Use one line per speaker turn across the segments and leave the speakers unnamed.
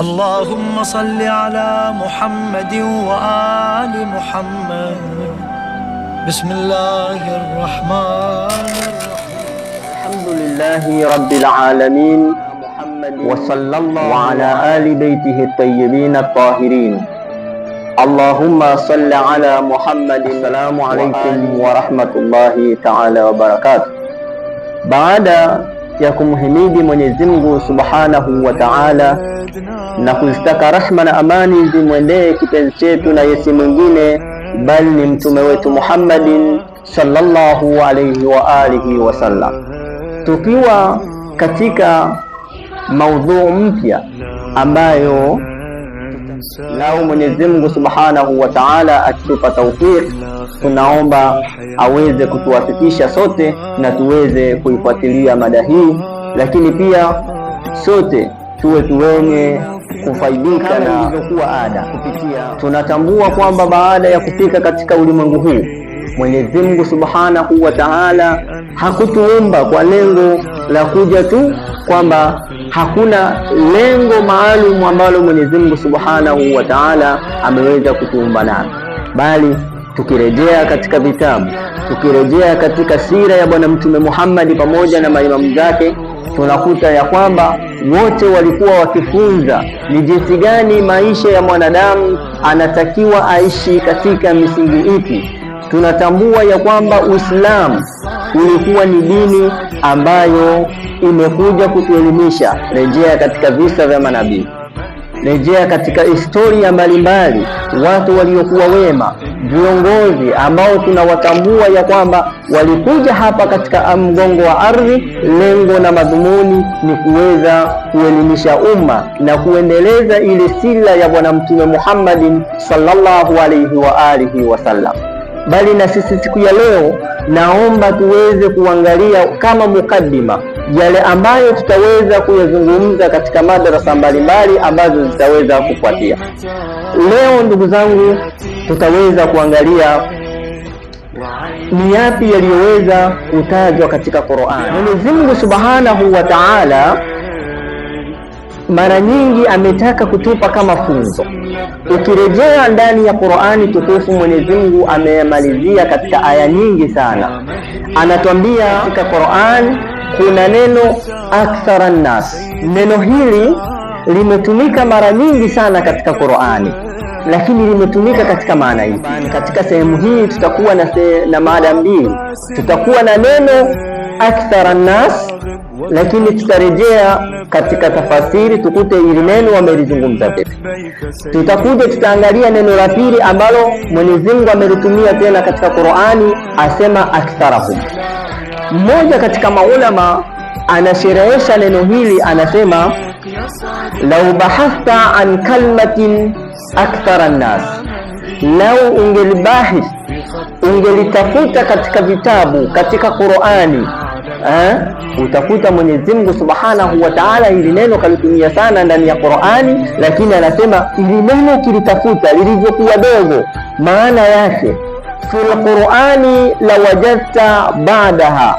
اللهم صل على محمد وآل محمد بسم الله الرحمن الرحيم الحمد لله رب العالمين وصلى الله وعلى آل بيته الطيبين الطاهرين اللهم صل على محمد السلام عليكم ورحمة الله تعالى وبركاته بعد ya kumhimidi Mwenyezi Mungu Subhanahu wa Ta'ala na kuzitaka rahma na amani zimwendee kipenzi chetu na yesi mwingine bali ni mtume wetu Muhammadin sallallahu alayhi wa alihi sallam. Tukiwa katika maudhuu mpya ambayo lao Mwenyezi Mungu Subhanahu wa Ta'ala akitupa tawfik Tunaomba aweze kutuwafikisha sote na tuweze kuifuatilia mada hii, lakini pia sote tuwe tuwenye kufaidika na ilivyokuwa ada kupitia. Tunatambua kwamba baada ya kufika katika ulimwengu huu Mwenyezi Mungu Subhanahu wa Ta'ala hakutuumba kwa lengo la kuja tu, kwamba hakuna lengo maalum ambalo Mwenyezi Mungu Subhanahu wa Ta'ala ameweza kutuumba nalo, bali tukirejea katika vitabu, tukirejea katika sira ya Bwana Mtume Muhammadi pamoja na maimamu zake, tunakuta ya kwamba wote walikuwa wakifunza ni jinsi gani maisha ya mwanadamu anatakiwa aishi katika misingi ipi. Tunatambua ya kwamba Uislamu ulikuwa ni dini ambayo imekuja kutuelimisha. Rejea katika visa vya manabii. Rejea katika historia mbalimbali, watu waliokuwa wema, viongozi ambao tunawatambua ya kwamba walikuja hapa katika mgongo wa ardhi, lengo na madhumuni ni kuweza kuelimisha umma na kuendeleza ile sila ya Bwana Mtume Muhammadin sallallahu alaihi wa alihi wasallam. Bali na sisi siku ya leo, naomba tuweze kuangalia kama mukaddima yale ambayo tutaweza kuyazungumza katika madarasa mbalimbali ambazo zitaweza kufuatia. Leo ndugu zangu, tutaweza kuangalia ni yapi yaliyoweza kutajwa katika Qur'an. Mwenyezi Mungu Subhanahu wa Ta'ala mara nyingi ametaka kutupa kama funzo. Ukirejea ndani ya Qur'ani tukufu, Mwenyezi Mungu ameyamalizia katika aya nyingi sana, anatwambia katika Qur'an kuna neno aktharan nas. Neno hili limetumika mara nyingi sana katika Qur'ani, lakini limetumika katika maana hii. Katika sehemu hii tutakuwa na, se, na mada mbili, tutakuwa na neno aktharan nas lakini tutarejea katika tafasiri tukute ili neno wamelizungumza vipi. Tutakuja tutaangalia neno la pili ambalo Mwenyezi Mungu amelitumia tena katika Qur'ani, asema aktharahum mmoja katika maulama anasherehesha neno hili, anasema lau bahathta an kalmatin akthara nnas, lau ungelibahi ungelitafuta katika vitabu, katika Qurani eh, Utakuta Mwenyezi Mungu Subhanahu wa Ta'ala hili neno kalitumia sana ndani ya Qur'ani, lakini anasema ili neno kilitafuta lilivyokuwa dogo, maana yake fi la wajadta badaha,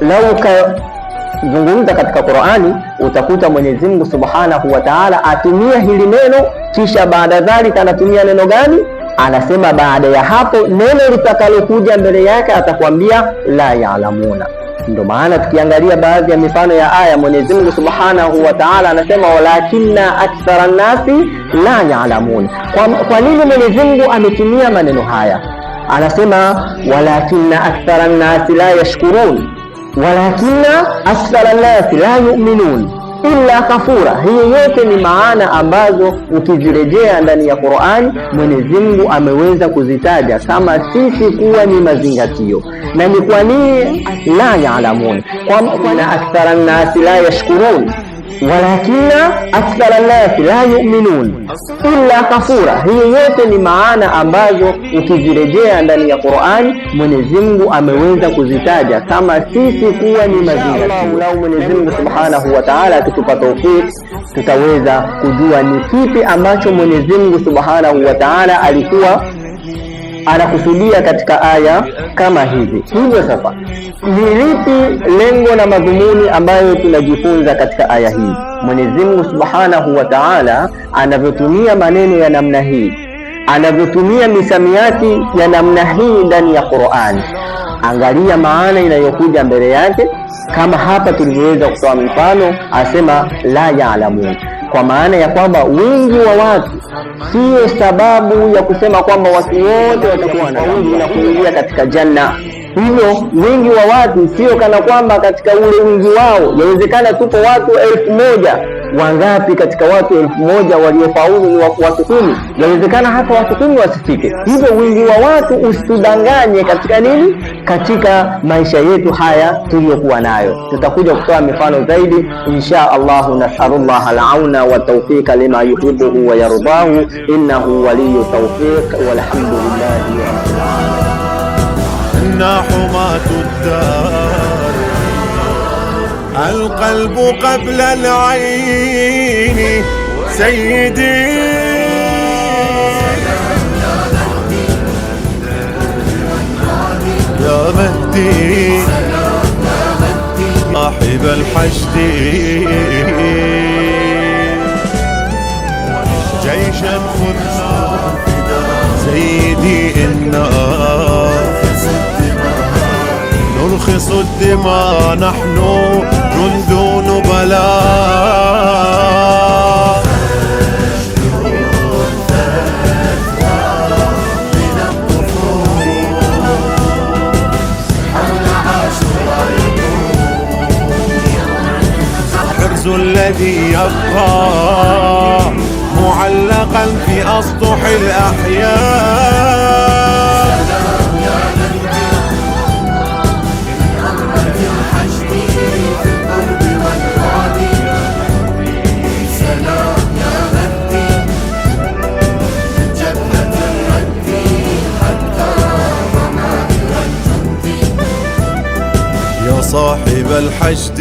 lau ukazungumza katika Qurani utakuta Mwenyezi Mungu subhanahu wa taala atumia hili neno, kisha baada dhalika anatumia neno gani? Anasema baada ya hapo neno litakalokuja mbele yake atakwambia la yaalamuna. Ndio maana tukiangalia baadhi ya mifano ya aya Mwenyezi Mungu subhanahu wa taala anasema walakinna akthara nnasi la yaalamuna. Kwa, kwa nini Mwenyezi Mungu ametumia maneno haya? anasema walakinna akthara nnasi la yashkurun, walakina akthara nnasi la yuminun illa kafura. Hiyo yote ni maana ambazo ukizirejea ndani ya Qur'ani, Mwenyezi Mungu ameweza kuzitaja kama sisi kuwa ni mazingatio. Na ni kwa nini la ya'lamun, kwa akthara nnasi la yashkurun walakina akthara nnasi la yu'minun illa kafura. Hiyo yote ni maana ambazo ukizirejea ndani ya Qur'ani Mwenyezi Mungu ameweza kuzitaja kama sisi kuwa ni mazingatio. Lau Mwenyezi Mungu Subhanahu wa Ta'ala akitupa tawfik, tutaweza kujua ni kipi ambacho Mwenyezi Mungu Subhanahu wa Ta'ala alikuwa anakusudia katika aya kama hizi. Hivyo sasa, ni lipi lengo na madhumuni ambayo tunajifunza katika aya hii? Mwenyezi Mungu Subhanahu wa Ta'ala anavyotumia maneno ya namna hii, anavyotumia misamiati ya namna hii ndani ya Qur'an, angalia maana inayokuja mbele yake, kama hapa tulivyoweza kutoa mfano, asema la yaalamun, kwa maana ya kwamba wingi wa watu siyo sababu ya kusema kwamba watu wote watakuwa wanafaulu na kuingia katika janna. Hivyo wingi wa watu sio kana kwamba katika ule wingi wao, yawezekana tupo watu elfu moja wangapi katika watu elfu moja waliofaulu ni watu kumi, yawezekana hata watu kumi wasifike. Hivyo wingi wa watu usitudanganye katika nini, katika maisha yetu haya tuliyokuwa nayo. Tutakuja kutoa mifano zaidi insha Allahu. Nasalullah alauna wa tawfika lima yuhibuhu wa yardahu, innahu waliyu tawfiq, walhamdulillahi rabbil alamin. كنا حماة الدار القلب قبل العين سيدي يا مهدي صاحب الحشد نفس ما نحن جند نبلاء الحرز الذي يبقى معلقا في أسطح الأحياء صاحب الحشد